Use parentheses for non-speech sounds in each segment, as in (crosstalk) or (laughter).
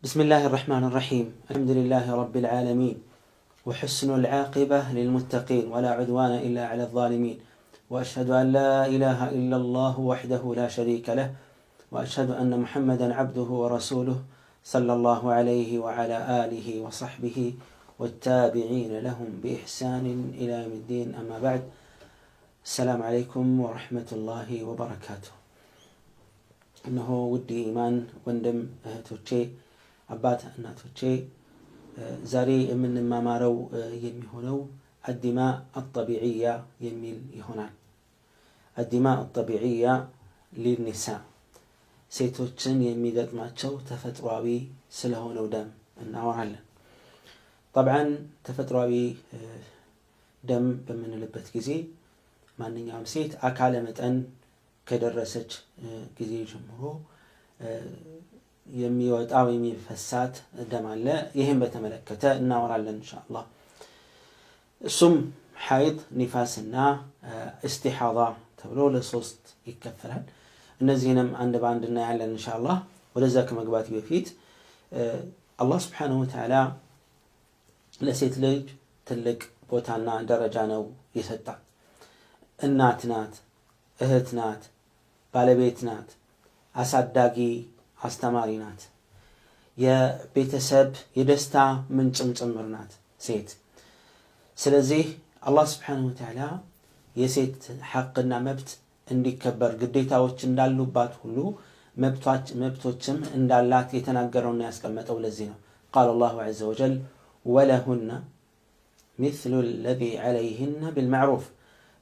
بسم الله الرحمن الرحيم الحمد لله رب العالمين وحسن العاقبة للمتقين ولا عدوان إلا على الظالمين وأشهد أن لا إله إلا الله وحده لا شريك له وأشهد أن محمدا عبده ورسوله صلى الله عليه وعلى آله وصحبه والتابعين لهم بإحسان إلى يوم الدين أما بعد السلام عليكم ورحمة الله وبركاته أنه ودي إيمان وندم أهتوتي አባት እናቶቼ ዛሬ የምንማማረው የሚሆነው አዲማ አጠቢዕያ የሚል ይሆናል። አዲማ አጠቢዕያ ሊኒሳ ሴቶችን የሚገጥማቸው ተፈጥሯዊ ስለሆነው ደም እናወራለን። ጠብዓን ተፈጥሯዊ ደም በምንልበት ጊዜ ማንኛውም ሴት አካለ መጠን ከደረሰች ጊዜ ጀምሮ የሚወጣ የሚፈሳት ደም አለ። ይህም በተመለከተ እናወራለን እንሻላ። እሱም ሐይድ፣ ኒፋስና እስቲሓዛ ተብሎ ለሶስት ይከፈላል። እነዚህንም አንድ በአንድ እናያለን እንሻላ ወደዛ ከመግባት በፊት አላህ ስብሓነሁ ወተዓላ ለሴት ልጅ ትልቅ ቦታና ደረጃ ነው የሰጣ እናት ናት፣ እህት ናት፣ ባለቤት ናት፣ አሳዳጊ አስተማሪ ናት። የቤተሰብ የደስታ ምንጭም ጭምር ናት ሴት። ስለዚህ አላህ ስብን ወተዓላ የሴት ሐቅና መብት እንዲከበር ግዴታዎች እንዳሉባት ሁሉ መብቶችም እንዳላት የተናገረውና ያስቀመጠው ለዚህ ነው። ቃል አላሁ ዘ ወጀል ወለሁና ምሉ ለዚ ዐለይህና ቢልማዕሩፍ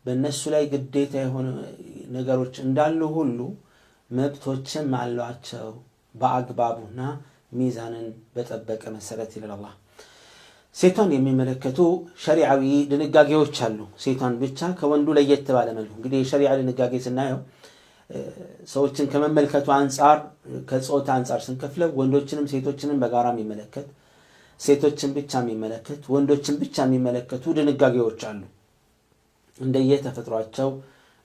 በእነሱ ላይ ግዴታ የሆኑ ነገሮች እንዳሉ ሁሉ መብቶችም አሏቸው። በአግባቡና ሚዛንን በጠበቀ መሰረት ይላል አላህ። ሴቷን የሚመለከቱ ሸሪዓዊ ድንጋጌዎች አሉ። ሴቷን ብቻ ከወንዱ ለየት ባለ መልኩ እንግዲህ የሸሪዓ ድንጋጌ ስናየው ሰዎችን ከመመልከቱ አንጻር ከጾታ አንጻር ስንከፍለው ወንዶችንም ሴቶችንም በጋራ የሚመለከት ሴቶችን ብቻ የሚመለከት ወንዶችን ብቻ የሚመለከቱ ድንጋጌዎች አሉ። እንደየ ተፈጥሯቸው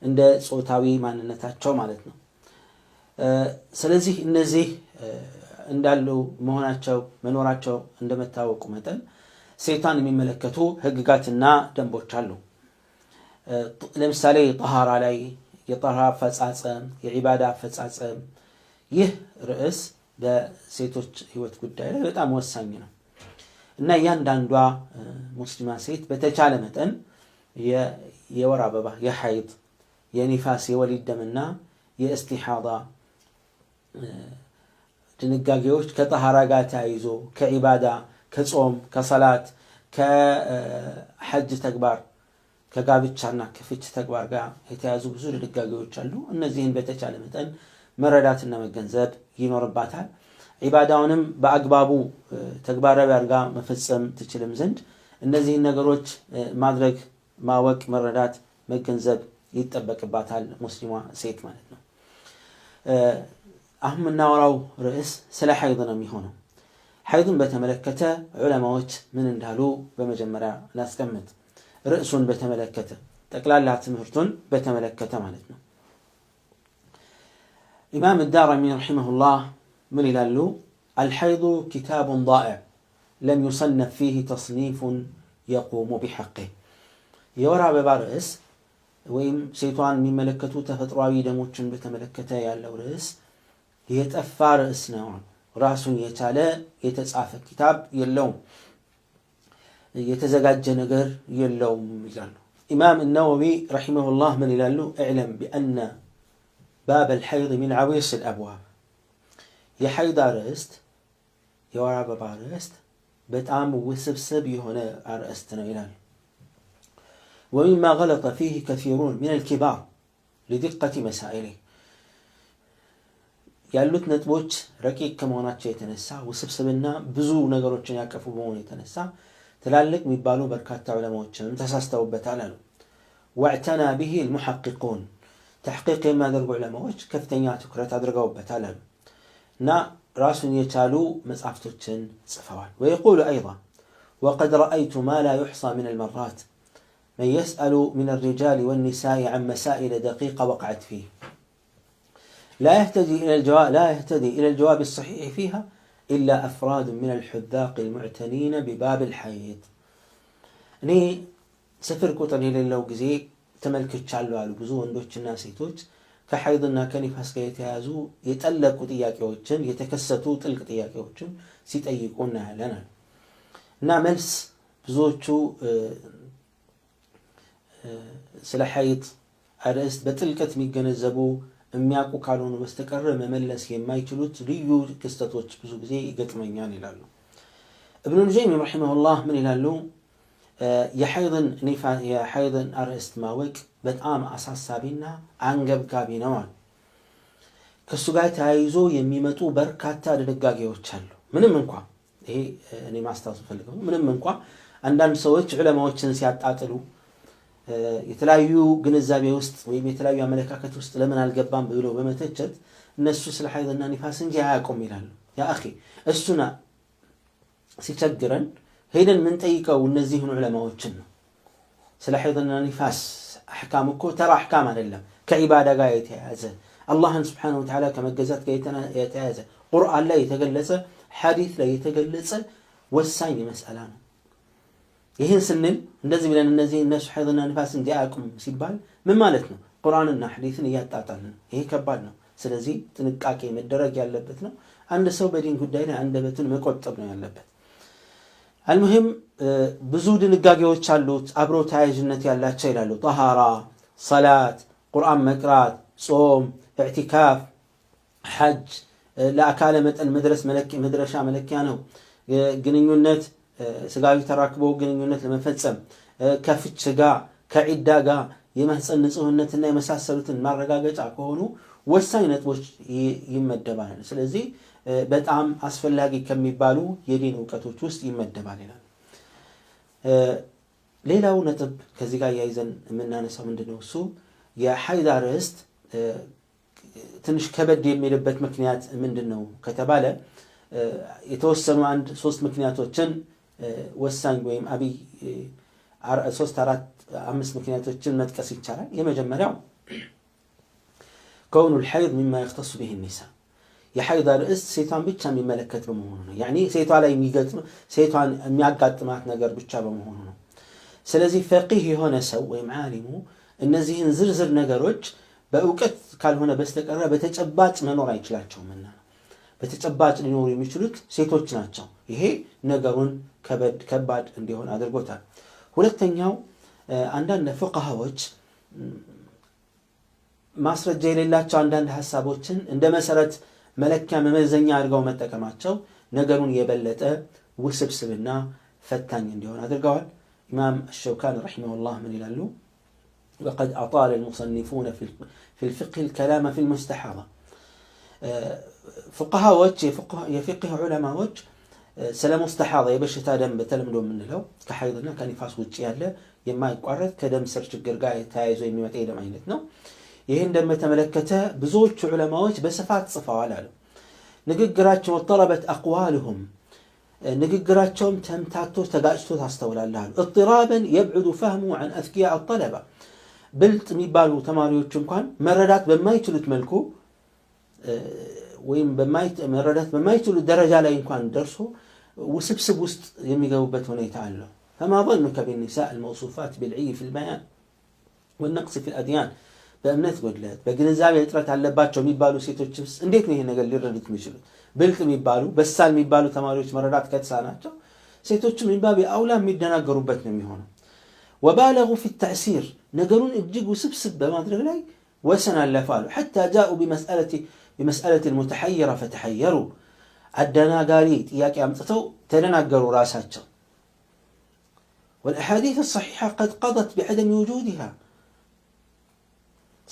እንደ ጾታዊ ማንነታቸው ማለት ነው። ስለዚህ እነዚህ እንዳሉ መሆናቸው መኖራቸው እንደመታወቁ መጠን ሴቷን የሚመለከቱ ህግጋትና ደንቦች አሉ። ለምሳሌ ጠሃራ ላይ የጠሃራ አፈጻጸም፣ የዒባዳ አፈጻጸም ይህ ርዕስ በሴቶች ህይወት ጉዳይ ላይ በጣም ወሳኝ ነው እና እያንዳንዷ ሙስሊማ ሴት በተቻለ መጠን የወር አበባ፣ የሀይጥ የኒፋስ፣ የወሊድ ደምና የእስቲሓዳ ድንጋጌዎች ከጠሃራ ጋር ተያይዞ ከዒባዳ ከጾም ከሰላት ከሐጅ ተግባር ከጋብቻና ከፍች ተግባር ጋር የተያዙ ብዙ ድንጋጌዎች አሉ። እነዚህን በተቻለ መጠን መረዳትና መገንዘብ ይኖርባታል። ዒባዳውንም በአግባቡ ተግባራዊ ጋር መፈጸም ትችልም ዘንድ እነዚህን ነገሮች ማድረግ ማወቅ፣ መረዳት፣ መገንዘብ ይጠበቅባታል ሙስሊሟ ሴት ማለት ነው። አሁን የምናወራው ርዕስ ስለ ሐይድ ነው የሚሆነው። ሐይድን በተመለከተ ዑለማዎች ምን እንዳሉ በመጀመሪያ ላስቀምጥ። ርዕሱን በተመለከተ ጠቅላላ ትምህርቱን በተመለከተ ማለት ነው። ኢማም ዳረሚ ረሒመሁላህ ምን ይላሉ? አልሐይዱ ኪታቡን ዳኢዕ ለም ዩሰነፍ ፊህ ተስኒፉን የቁሙ ቢሐቅህ። የወር አበባ ርዕስ ወይም ሴቷን የሚመለከቱ ተፈጥሯዊ ደሞችን በተመለከተ ያለው ርዕስ يتفى رأسنا راسو يتالى يتسعف كتاب يلوم يتزقج نقر يلوم إمام النووي رحمه الله من يلالو اعلم بأن باب الحيض من عويص الأبواب يحيض رأست يوارب بارست بتعم وسبسب يهنا رأستنا يلالو ومما غلط فيه كثيرون من الكبار لدقة مسائله ያሉት ነጥቦች ረቂቅ ከመሆናቸው የተነሳ ውስብስብና ብዙ ነገሮችን ያቀፉ በመሆኑ የተነሳ ትላልቅ የሚባሉ በርካታ ዑለማዎችንም ተሳስተውበታል አሉ። ወዕተና ብሂ ልሙሐቂቁን ተሕቂቅ የሚያደርጉ ዑለማዎች ከፍተኛ ትኩረት አድርገውበታል አሉ እና ራሱን የቻሉ መጽሐፍቶችን ጽፈዋል። ወየቁሉ አይض ወቀድ ረአይቱ ማ ላ ዩሕሳ ምን አልመራት መን የስአሉ ምን አልሪጃል ወኒሳኢ ዐን መሳኢለ ደቂቀ ወቅዐት ፊህ لا يهتدي إلى الجواب لا يهتدي إلى الجواب الصحيح فيها إلا أفراد من الحذاق المعتنين بباب الحيط أني سفر كوتاني لو قزي تملك تشالو على بزون بوش الناس يتوت فحيض كان يفهس كي يتهازو يتألك تياكي وجن تلك تياكي وجن سيتأيقونا لنا نعملس بزوتشو سلا حيط أرست بتلكت ميقن የሚያውቁ ካልሆኑ በስተቀር መመለስ የማይችሉት ልዩ ክስተቶች ብዙ ጊዜ ይገጥመኛል ይላሉ። እብኑ ልጀይም ረሒመሁላህ ምን ይላሉ? የሐይድን አርእስት ማወቅ በጣም አሳሳቢና አንገብጋቢ ነው አሉ። ከእሱ ጋር ተያይዞ የሚመጡ በርካታ ድንጋጌዎች አሉ። ምንም እንኳ ይሄ እኔ ማስታወስ ፈልገው ምንም እንኳ አንዳንድ ሰዎች ዑለማዎችን ሲያጣጥሉ የተለያዩ ግንዛቤ ውስጥ ወይም የተለያዩ አመለካከት ውስጥ ለምን አልገባም ብሎ በመተቸት እነሱ ስለ ሀይልና ኒፋስ እንጂ አያውቁም ይላሉ። ያ እሱና ሲቸግረን ሄደን የምንጠይቀው እነዚህን ዑለማዎችን ነው። ስለ ሀይልና ኒፋስ አሕካም እኮ ተራ አሕካም አይደለም። ከዒባዳ ጋር የተያያዘ አላህን ስብሓነሁ ወተዓላ ከመገዛት ጋር የተያያዘ ቁርአን ላይ የተገለጸ ሐዲት ላይ የተገለጸ ወሳኝ መስአላ ነው። ይህን ስንል እንደዚህ ብለን እነዚህ ነፍስ ሐይድና ንፋስ እንዲያቁም ሲባል ምን ማለት ነው? ቁርአንና ሐዲትን እያጣጣልን ነው። ይሄ ከባድ ነው። ስለዚህ ጥንቃቄ መደረግ ያለበት ነው። አንድ ሰው በዲን ጉዳይ ላይ አንደበቱን መቆጠብ ነው ያለበት። አልሙሂም ብዙ ድንጋጌዎች አሉት፣ አብሮ ተያያዥነት ያላቸው ይላሉ። ጠሃራ፣ ሰላት፣ ቁርአን መቅራት፣ ጾም፣ ኢዕቲካፍ፣ ሐጅ ለአካለ መጠን መድረስ መለኪ መድረሻ መለኪያ ነው። ግንኙነት ስጋዊ ተራክቦ ግንኙነት ለመፈጸም ከፍች ጋ ከዒዳ ጋር የመህፀን ንጽህነትና የመሳሰሉትን ማረጋገጫ ከሆኑ ወሳኝ ነጥቦች ይመደባል። ስለዚህ በጣም አስፈላጊ ከሚባሉ የዲን እውቀቶች ውስጥ ይመደባል ይላል። ሌላው ነጥብ ከዚህ ጋር እያይዘን የምናነሳው ምንድነው እሱ የሐይድ አርእስት ትንሽ ከበድ የሚልበት ምክንያት ምንድን ነው ከተባለ የተወሰኑ አንድ ሶስት ምክንያቶችን ወሳኝ ወይም አብይ ሶስት አራት አምስት ምክንያቶችን መጥቀስ ይቻላል። የመጀመሪያው ከውኑ ልሐይድ ሚማ የክተሱ ብህ ኒሳ የሐይዳ ርዕስ ሴቷን ብቻ የሚመለከት በመሆኑ ነው። ያኔ ሴቷ ላይ የሚገጥም ሴቷን የሚያጋጥማት ነገር ብቻ በመሆኑ ነው። ስለዚህ ፈቂህ የሆነ ሰው ወይም ዓሊሙ እነዚህን ዝርዝር ነገሮች በእውቀት ካልሆነ በስተቀረ በተጨባጭ መኖር አይችላቸውምና ነው። በተጨባጭ ሊኖሩ የሚችሉት ሴቶች ናቸው። ይሄ ነገሩን ከባድ እንዲሆን አድርጎታል። ሁለተኛው አንዳንድ ፉቃሃዎች ማስረጃ የሌላቸው አንዳንድ ሀሳቦችን እንደ መሰረት መለኪያ መመዘኛ አድርገው መጠቀማቸው ነገሩን የበለጠ ውስብስብና ፈታኝ እንዲሆን አድርገዋል። ኢማም አሸውካን ረሒመሁላህ ምን ይላሉ? ወቀድ አጣለ ልሙሰኒፉነ ፊ ልፍቅህ ልከላመ ፊ ልሙስተሓባ ፉቅሃዎች የፊቅህ ዑለማዎች ስለ ሙስተሓደ የበሽታ ደም በተለምዶ የምንለው ከሐይድና ከኒፋስ ውጭ ያለ የማይቋረጥ ከደም ስር ችግር ጋር ተያይዞ የሚመጣ የደም አይነት ነው። ይህ ደም ብዙዎቹ ዑለማዎች በስፋት ጽፈዋል አሉ። ንግግራቸው ወጠለበት አቅዋልሁም ንግግራቸውም ተምታቶ ተጋጭቶ ታስተውላለህ አሉ። እጥራበን የብዕዱ ፈህሙ ዐን አዝኪያ አጠለባ ብልጥ የሚባሉ ተማሪዎች እንኳን መረዳት በማይችሉት መልኩ ወይም መረዳት በማይችሉ ደረጃ ላይ እንኳን ደርሶ ውስብስብ ውስጥ የሚገቡበት ሁኔታ አለው። ፈማ ظኑከ ቢኒሳ አልመውሱፋት ቢልዕይ ፊ ልበያን ወነቅስ ፊ ልአድያን በእምነት ጎድለት በግንዛቤ እጥረት አለባቸው የሚባሉ ሴቶች ውስጥ እንዴት ነው ይሄ ነገር ሊረዱት የሚችሉት? ብልጥ የሚባሉ በሳል የሚባሉ ተማሪዎች መረዳት ከትሳ ናቸው ሴቶቹም ሚባብ አውላ የሚደናገሩበት ነው የሚሆነው። ወባለጉ ፊ ተእሲር ነገሩን እጅግ ውስብስብ በማድረግ ላይ ወሰን አለፋሉ ሐታ ጃኡ ቢመስአለቲ የመስአለትን ሙተሐየራ ፈተሐየሩ አደናጋሪ ጥያቄ አምጥተው ተደናገሩ ራሳቸው። ወልአሓዲስ ሰሒሓ ቀድ ቀደት ቢዐደም ውጁድሃ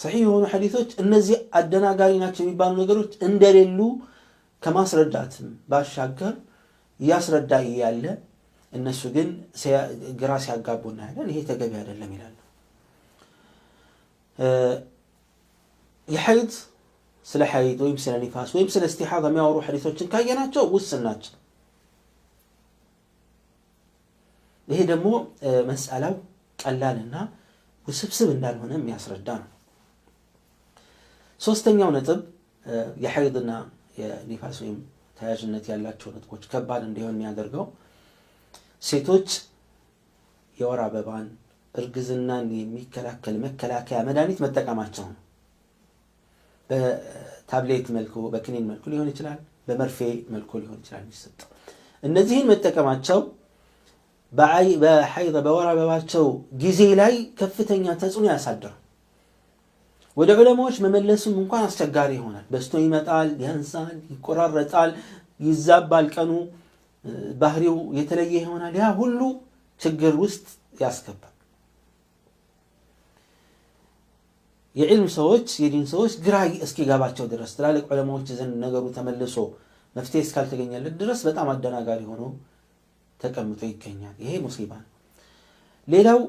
ሰሒሕ የሆኑ ሐዲሶች እነዚህ አደናጋሪ ናቸው የሚባሉ ነገሮች እንደሌሉ ከማስረዳትም ባሻገር እያስረዳ እያለ እነሱ ግን ግራ ሲያጋቡ እናያለን። ይሄ ተገቢ አይደለም ይላሉ። የሐይድ ስለ ሐይድ ወይም ስለ ኒፋስ ወይም ስለ እስቲሓዛ የሚያወሩ ሐዲሶችን ካየናቸው ውስን ናቸው። ይሄ ደግሞ መስአላው ቀላልና ውስብስብ እንዳልሆነ የሚያስረዳ ነው። ሶስተኛው ነጥብ የሐይድና የኒፋስ ወይም ተያያዥነት ያላቸው ነጥቦች ከባድ እንዲሆን የሚያደርገው ሴቶች የወር አበባን እርግዝናን የሚከላከል መከላከያ መድኃኒት መጠቀማቸው ነው። በታብሌት መልኩ በክኒን መልኩ ሊሆን ይችላል፣ በመርፌ መልኩ ሊሆን ይችላል የሚሰጠው። እነዚህን መጠቀማቸው በሐይድ በወር አበባቸው ጊዜ ላይ ከፍተኛ ተጽዕኖ ያሳድራል። ወደ ዑለማዎች መመለስም እንኳን አስቸጋሪ ይሆናል። በስቶ ይመጣል፣ ያንሳል፣ ይቆራረጣል፣ ይዛባል፣ ቀኑ ባህሪው የተለየ ይሆናል። ያ ሁሉ ችግር ውስጥ ያስገባል። የዕልም ሰዎች የዲን ሰዎች ግራ እስኪገባቸው ድረስ ትላልቅ ዕለማዎች ዘንድ ነገሩ ተመልሶ መፍትሄ እስካልተገኘለት ድረስ በጣም አደናጋሪ ሆኖ ተቀምጦ ይገኛል። ይሄ ሙሲባ ነው። ሌላው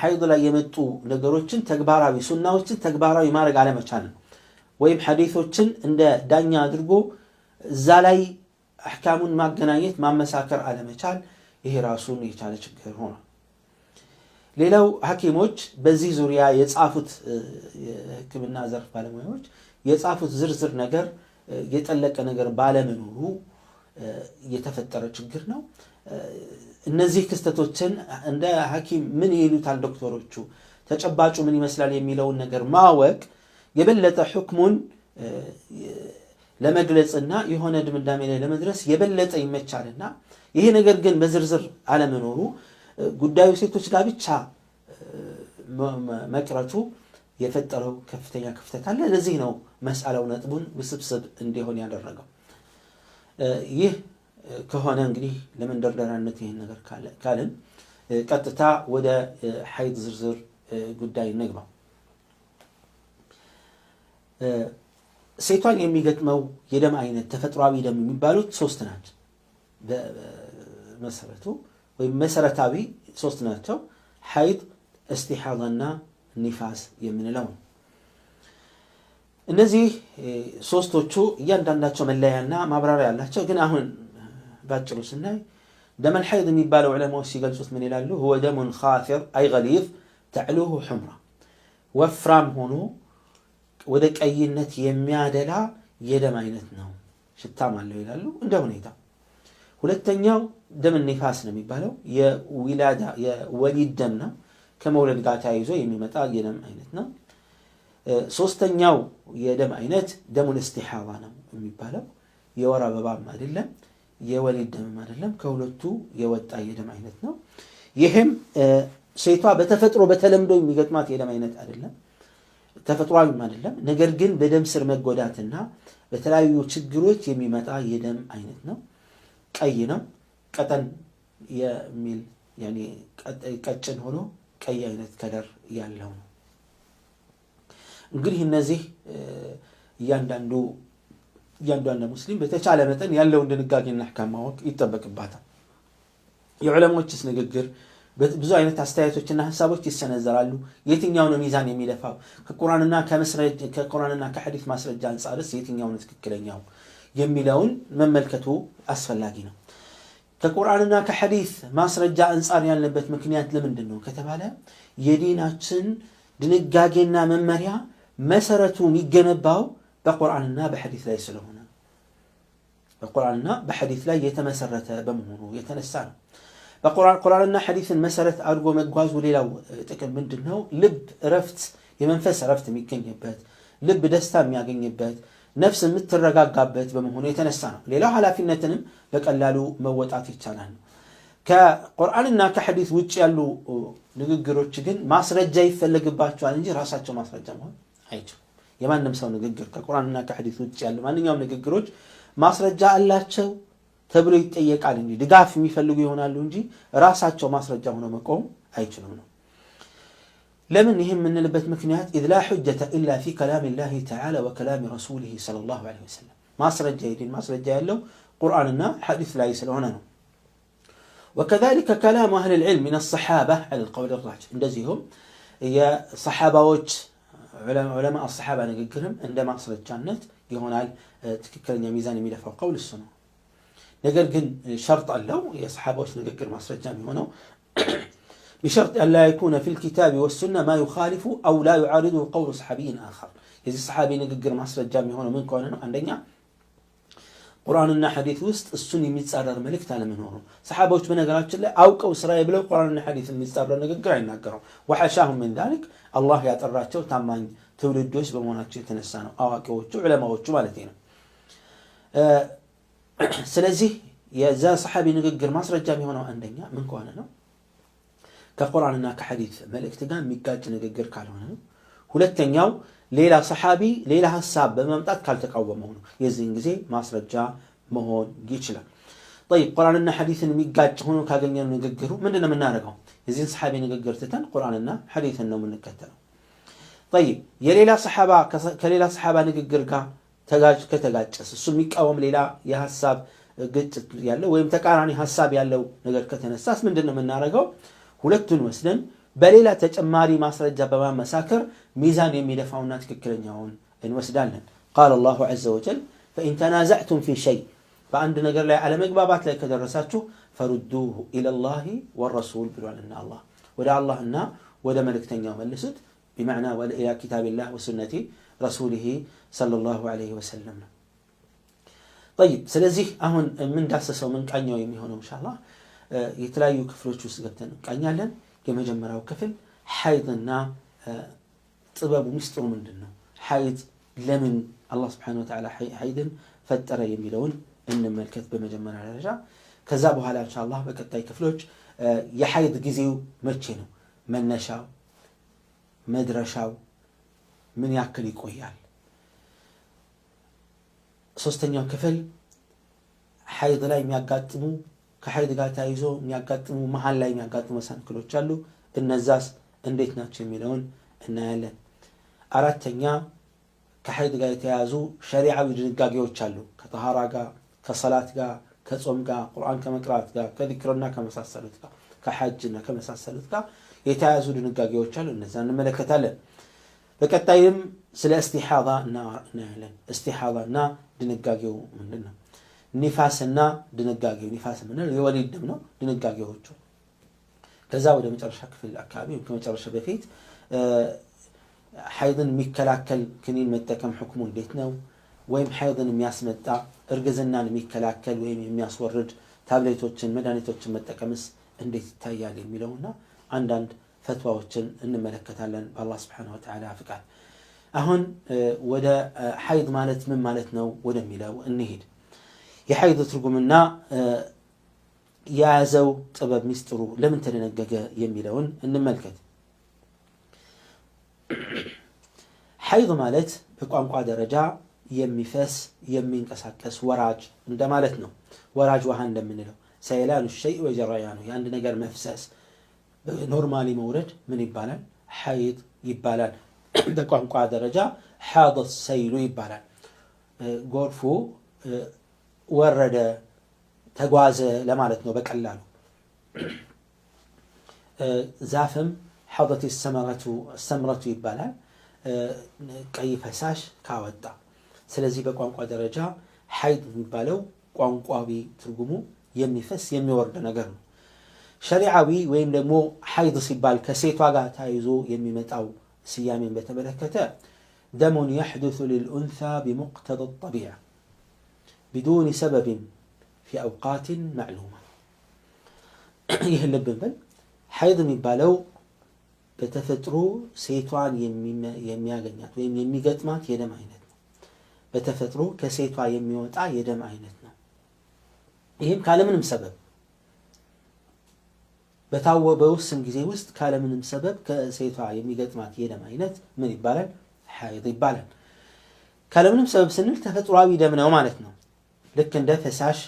ሐይድ ላይ የመጡ ነገሮችን ተግባራዊ ሱናዎችን ተግባራዊ ማድረግ አለመቻል ነው። ወይም ሐዲቶችን እንደ ዳኛ አድርጎ እዛ ላይ አሕካሙን ማገናኘት ማመሳከር አለመቻል፣ ይሄ ራሱን የቻለ ችግር ሆኗል። ሌላው ሐኪሞች በዚህ ዙሪያ የጻፉት የህክምና ዘርፍ ባለሙያዎች የጻፉት ዝርዝር ነገር የጠለቀ ነገር ባለመኖሩ የተፈጠረ ችግር ነው። እነዚህ ክስተቶችን እንደ ሐኪም ምን ይሉታል ዶክተሮቹ፣ ተጨባጩ ምን ይመስላል የሚለውን ነገር ማወቅ የበለጠ ሕክሙን ለመግለጽና የሆነ ድምዳሜ ላይ ለመድረስ የበለጠ ይመቻልና ይሄ ነገር ግን በዝርዝር አለመኖሩ ጉዳዩ ሴቶች ጋር ብቻ መቅረቱ የፈጠረው ከፍተኛ ክፍተት አለ። ለዚህ ነው መሳለው ነጥቡን ውስብስብ እንዲሆን ያደረገው። ይህ ከሆነ እንግዲህ ለመንደርደሪያነት ይህን ነገር ካልን ቀጥታ ወደ ሐይድ ዝርዝር ጉዳይ እንግባ። ሴቷን የሚገጥመው የደም አይነት ተፈጥሯዊ ደም የሚባሉት ሶስት ናቸው። በመሰረቱ ወይም መሰረታዊ ሶስት ናቸው። ሐይድ፣ እስቲሓዛና ኒፋስ የምንለው ነው። እነዚህ ሶስቶቹ እያንዳንዳቸው መለያና ማብራሪያ ያላቸው ግን አሁን ባጭሩ ስናይ ደመን ሐይድ የሚባለው ዕለማዎች ሲገልጹት ምን ይላሉ? ሁወ ደሙን ካፊር አይ ገሊዝ ተዕሉሁ ሑምራ ወፍራም ሆኖ ወደ ቀይነት የሚያደላ የደም አይነት ነው፣ ሽታም አለው ይላሉ እንደ ሁኔታ ሁለተኛው ደም ኒፋስ ነው የሚባለው የዊላዳ የወሊድ ደም ነው። ከመውለድ ጋር ተያይዞ የሚመጣ የደም አይነት ነው። ሶስተኛው የደም አይነት ደሙን እስቲሓዋ ነው የሚባለው የወር አበባም አይደለም፣ የወሊድ ደምም አይደለም። ከሁለቱ የወጣ የደም አይነት ነው። ይህም ሴቷ በተፈጥሮ በተለምዶ የሚገጥማት የደም አይነት አይደለም፣ ተፈጥሯዊም አይደለም። ነገር ግን በደም ስር መጎዳትና በተለያዩ ችግሮች የሚመጣ የደም አይነት ነው። ቀይ ነው። ቀጠን የሚል ቀጭን ሆኖ ቀይ አይነት ከለር ያለው ነው። እንግዲህ እነዚህ እያንዳንዱ እያንዳንዱ ሙስሊም በተቻለ መጠን ያለውን ድንጋጌና ሕካም ማወቅ ይጠበቅባታል። የዑለሞችስ ንግግር ብዙ አይነት አስተያየቶችና ሀሳቦች ይሰነዘራሉ። የትኛው ነው ሚዛን የሚለፋው? ከቁርአንና ከሐዲት ማስረጃ አንጻርስ የትኛው ነው ትክክለኛው? የሚለውን መመልከቱ አስፈላጊ ነው። ከቁርአንና ከሐዲስ ማስረጃ አንጻር ያለበት ምክንያት ለምንድን ነው ከተባለ የዲናችን ድንጋጌና መመሪያ መሰረቱ የሚገነባው በቁርአንና በሐዲስ ላይ ስለሆነ በቁርአንና በሐዲስ ላይ የተመሰረተ በመሆኑ የተነሳ ነው። በቁርአንና ሐዲስን መሰረት አድርጎ መጓዙ ሌላው ጥቅም ምንድን ነው? ልብ እረፍት፣ የመንፈስ እረፍት የሚገኝበት ልብ ደስታ የሚያገኝበት ነፍስ የምትረጋጋበት በመሆኑ የተነሳ ነው። ሌላው ኃላፊነትንም በቀላሉ መወጣት ይቻላል ነው። ከቁርአንና ከሐዲስ ውጭ ያሉ ንግግሮች ግን ማስረጃ ይፈለግባቸዋል እንጂ ራሳቸው ማስረጃ መሆን አይችሉም። የማንም ሰው ንግግር ከቁርአንና ከሐዲስ ውጭ ያሉ ማንኛውም ንግግሮች ማስረጃ አላቸው ተብሎ ይጠየቃል እንጂ ድጋፍ የሚፈልጉ ይሆናሉ እንጂ ራሳቸው ማስረጃ ሆነው መቆም አይችሉም ነው። لمن يهم من لبت مكنيات إذ لا حجة إلا في كلام الله تعالى وكلام رسوله صلى الله عليه وسلم ما صار الجاهلين ما صار له قرآننا حديث لا عنه وكذلك كلام أهل العلم من الصحابة على القول الراجح اندزيهم يا صحابة وجه علماء, علماء الصحابة نقلهم عندما صار الجنه يهونال على يا ميزان ميلة فوق قول السنة نقلقن شرط الله يا صحابة وجه نقلقن ما الجنه الجنت ቢሸርጥ አላ የኩነ ፊል ኪታቢ ወሱና ማ ዩኻሊፉ አው ላ ዩዓሪዱሁ ቀውሉ ሰሓቢይን አኸር። የዚህ ሰሓቢ ንግግር ማስረጃ የሚሆነው ምን ከሆነ ነው? አንደኛ ቁርአንና ሐዲት ውስጥ እሱን የሚጻረር መልእክት አለመኖሩ። ሰሓባዎች በነገራችን ላይ አውቀው ስራዬ ብለው ቁርአንና ሐዲት የሚጻረር ንግግር አይናገሩም። ወሐሻሁም ምን ዛሊክ አላህ ያጠራቸው ታማኝ ትውልዶች በመሆናቸው የተነሳ ነው። አዋቂዎቹ ዑለማዎቹ ማለት ነው። ስለዚህ የዛ ሰሓቢ ንግግር ማስረጃ የሚሆነው አንደኛ ምን ከሆነ ነው ከቁርአንና ከሐዲት መልእክት ጋር የሚጋጭ ንግግር ካልሆነ ነው። ሁለተኛው ሌላ ሰሓቢ ሌላ ሀሳብ በማምጣት ካልተቃወመው ነው። የዚህን ጊዜ ማስረጃ መሆን ይችላል። ጠይብ ቁርአንና ሐዲትን የሚጋጭ ሆኖ ካገኘነው ንግግሩ ምንድን ነው የምናደርገው? የዚህን ሰሓቢ ንግግር ትተን ቁርአንና ሐዲትን ነው የምንከተለው። ጠይብ የሌላ ሰሓባ ከሌላ ሰሓባ ንግግር ጋር ተጋጭ ከተጋጨስ እሱ የሚቃወም ሌላ የሀሳብ ግጭት ያለው ወይም ተቃራኒ ሀሳብ ያለው ነገር ከተነሳስ ምንድን ነው የምናደርገው? ሁለቱን ወስደን በሌላ ተጨማሪ ማስረጃ በማመሳከር ሚዛን የሚደፋውና ትክክለኛውን እንወስዳለን። ቃለ አላሁ ዐዘ ወጀል ፈኢን ተናዘዕቱም ፊ ሸይ በአንድ ነገር ላይ አለመግባባት ላይ ከደረሳችሁ ፈሩዱሁ ኢለላሂ ወረሱል ብሏልና አላህ ወደ አላህና ወደ መልእክተኛው መልሱት። ቢመዕና ኢላ ኪታቢላህ ወሱነቲ ረሱሊሂ ሰለላሁ ዐለይሂ ወሰለም ነው። ጠይብ፣ ስለዚህ አሁን የምንዳሰሰው ምንቃኛው የሚሆነው ኢንሻአላህ የተለያዩ ክፍሎች ውስጥ ገብተን እንቃኛለን። የመጀመሪያው ክፍል ሐይድና ጥበቡ ሚስጥሩ ምንድን ነው? ሐይድ ለምን አላህ ስብሐነሁ ወተዓላ ሐይድን ፈጠረ የሚለውን እንመልከት በመጀመሪያ ደረጃ። ከዛ በኋላ ኢንሻአላህ በቀጣይ ክፍሎች የሐይድ ጊዜው መቼ ነው? መነሻው፣ መድረሻው ምን ያክል ይቆያል? ሶስተኛው ክፍል ሐይድ ላይ የሚያጋጥሙ ከሀይል ጋር ተያይዞ የሚያጋጥሙ መሀል ላይ የሚያጋጥሙ መሰናክሎች አሉ። እነዛስ እንዴት ናቸው የሚለውን እናያለን። አራተኛ ከሀይል ጋር የተያያዙ ሸሪዓዊ ድንጋጌዎች አሉ። ከጠሃራ ጋር፣ ከሰላት ጋር፣ ከጾም ጋር፣ ቁርአን ከመቅራት ጋር፣ ከዚክርና ከመሳሰሉት ጋር፣ ከሐጅና ከመሳሰሉት ጋር የተያያዙ ድንጋጌዎች አሉ። እነዛ እንመለከታለን። በቀጣይም ስለ እስቲሓዛ እናያለን። እስቲሓዛ እና ድንጋጌው ምንድን ነው? ኒፋስና ድንጋጌው ኒፋስ የምንለው የወሊድ ደም ነው። ድንጋጌዎቹ ከዛ ወደ መጨረሻ ክፍል አካባቢ ከመጨረሻ በፊት ሀይድን የሚከላከል ክኒን መጠቀም ሕክሙ እንዴት ነው? ወይም ሀይድን የሚያስመጣ እርግዝናን የሚከላከል ወይም የሚያስወርድ ታብሌቶችን መድኃኒቶችን መጠቀምስ እንዴት ይታያል የሚለውና አንዳንድ ፈትዋዎችን እንመለከታለን በአላ ስብን ወተላ ፍቃድ። አሁን ወደ ሀይድ ማለት ምን ማለት ነው ወደሚለው እንሄድ። የሐይድ ትርጉምና የያዘው ጥበብ ሚስጥሩ ለምን ተደነገገ የሚለውን እንመልከት። ሐይድ ማለት በቋንቋ ደረጃ የሚፈስ የሚንቀሳቀስ ወራጅ እንደማለት ነው። ወራጅ ውሃ እንደምንለው ሰይላኑ ሸይ ወጀራያኑ የአንድ ነገር መፍሰስ ኖርማሊ መውረድ ምን ይባላል? ሐይድ ይባላል። በቋንቋ ደረጃ ሓደ ሰይሉ ይባላል። ጎርፉ ወረደ፣ ተጓዘ ለማለት ነው በቀላሉ። (clears throat) ዛፍም ሐውደት ሰምረቱ ይባላል ቀይ ፈሳሽ ካወጣ። ስለዚህ በቋንቋ ደረጃ ሐይድ የሚባለው ቋንቋዊ ትርጉሙ የሚፈስ የሚወርድ ነገር ነው። ሸሪዓዊ ወይም ደግሞ ሐይድ ሲባል ከሴቷ ጋር ተያይዞ የሚመጣው ስያሜን በተመለከተ ደሙን የሕዱሱ ሊልኡንሳ ቢሙቅተድ ጠቢዓ ቢዱኒ ሰበብን ፊ አውቃትን ማዕሉማ ይህ ልብ ብል ሐይድ የሚባለው በተፈጥሮ ሴቷን የሚያገኛት ወይም የሚገጥማት የደም አይነት ነው። በተፈጥሮ ከሴቷ የሚወጣ የደም አይነት ነው። ይህም ካለምንም ሰበብ በታወ በውስን ጊዜ ውስጥ ካለምንም ሰበብ ከሴቷ የሚገጥማት የደም አይነት ምን ይባላል? ሐይድ ይባላል። ካለምንም ሰበብ ስንል ተፈጥሯዊ ደም ነው ማለት ነው። ልክ እንደ ፈሳሽ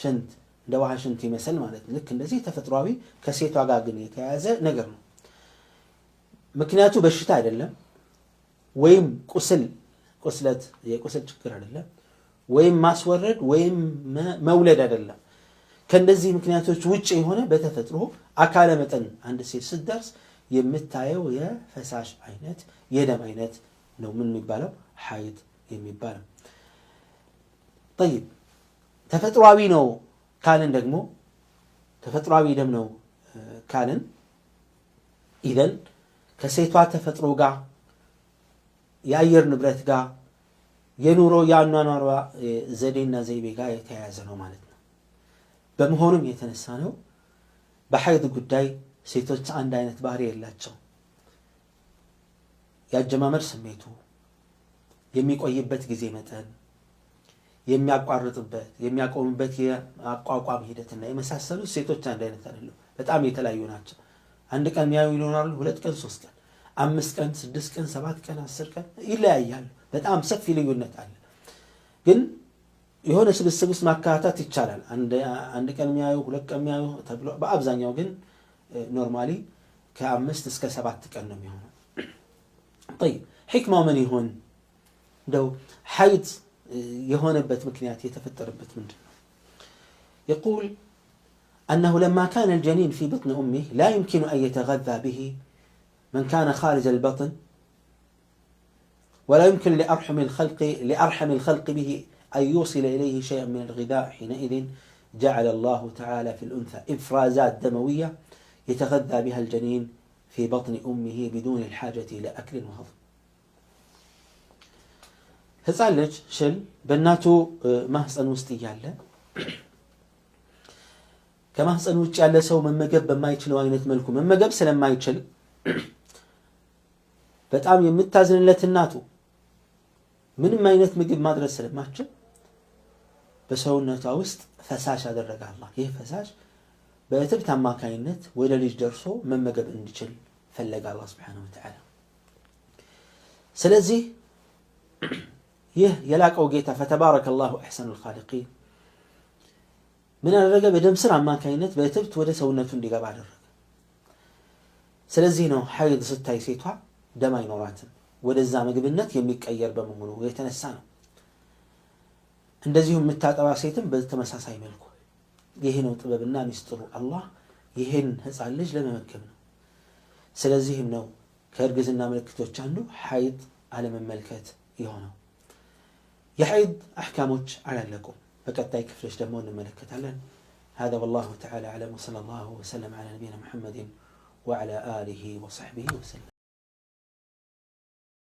ሽንት እንደ ውሃ ሽንት ይመስል ማለት ነው። ልክ እንደዚህ ተፈጥሯዊ ከሴቷ ጋር ግን የተያያዘ ነገር ነው። ምክንያቱ በሽታ አይደለም፣ ወይም ቁስል ቁስለት የቁስል ችግር አይደለም፣ ወይም ማስወረድ ወይም መውለድ አይደለም። ከእነዚህ ምክንያቶች ውጭ የሆነ በተፈጥሮ አካለ መጠን አንድ ሴት ስትደርስ የምታየው የፈሳሽ አይነት የደም አይነት ነው። ምን የሚባለው? ሀይት የሚባለው ጠይብ ተፈጥሯዊ ነው ካልን ደግሞ ተፈጥሯዊ ደም ነው ካልን ኢደን ከሴቷ ተፈጥሮ ጋር የአየር ንብረት ጋር የኑሮ የአኗኗሯ ዘዴና ዘይቤ ጋር የተያያዘ ነው ማለት ነው። በመሆኑም የተነሳ ነው በሐይድ ጉዳይ ሴቶች አንድ አይነት ባህሪ የላቸው። የአጀማመር ስሜቱ፣ የሚቆይበት ጊዜ መጠን የሚያቋርጥበት የሚያቆምበት የአቋቋም ሂደትና የመሳሰሉት ሴቶች አንድ አይነት አይደለም፣ በጣም የተለያዩ ናቸው። አንድ ቀን የሚያዩ ይሆናሉ፣ ሁለት ቀን፣ ሶስት ቀን፣ አምስት ቀን፣ ስድስት ቀን፣ ሰባት ቀን፣ አስር ቀን ይለያያሉ። በጣም ሰፊ ልዩነት አለ። ግን የሆነ ስብስብ ውስጥ ማካታት ይቻላል። አንድ ቀን የሚያዩ ሁለት ቀን የሚያዩ ተብሎ በአብዛኛው ግን ኖርማሊ ከአምስት እስከ ሰባት ቀን ነው የሚሆነው። (clears throat) ይ ሕክማው ምን ይሆን እንደው ሐይድ የሆነበት مكنيات يتفتر ምንድን ነው? يقول أنه لما كان الجنين في بطن أمه لا يمكن أن يتغذى به من كان خارج البطن ولا يمكن لأرحم الخلق لأرحم الخلق به أن يوصل إليه شيئا من الغذاء حينئذ جعل الله تعالى في الأنثى إفرازات دموية يتغذى بها الجنين في بطن أمه بدون الحاجة إلى أكل وهضم ህፃን ልጅ ሽል በእናቱ ማህፀን ውስጥ እያለ ከማህፀን ውጭ ያለ ሰው መመገብ በማይችለው አይነት መልኩ መመገብ ስለማይችል በጣም የምታዝንለት እናቱ ምንም አይነት ምግብ ማድረስ ስለማችል በሰውነቷ ውስጥ ፈሳሽ አደረገ አላ ይህ ፈሳሽ በእትብት አማካኝነት ወደ ልጅ ደርሶ መመገብ እንዲችል ፈለገ አላህ ሱብሓነሁ ስለዚህ ይህ የላቀው ጌታ ፈተባረከ ላሁ አሕሰኑል ኻሊቂን ምን አደረገ? በደም ስር አማካኝነት በእትብት ወደ ሰውነቱ እንዲገባ አደረገ። ስለዚህ ነው ሐይድ ስታይ ሴቷ ደም አይኖራትም፣ ወደዛ ምግብነት የሚቀየር በመሆኑ የተነሳ ነው። እንደዚሁም የምታጠባ ሴትም በተመሳሳይ መልኩ። ይህ ነው ጥበብና ሚስጥሩ። አላህ ይህን ህፃን ልጅ ለመመገብ ነው። ስለዚህም ነው ከእርግዝና ምልክቶች አንዱ ሐይድ አለመመልከት የሆነው። يحيد أحكامك የሐይድ አሕካሞች አላለቁም። በቀጣይ ክፍሎች ደግሞ እንመለከታለን። هذا والله تعالى أعلم صلى الله وسلم على نبينا محمد وعلى آله وصحبه وسلم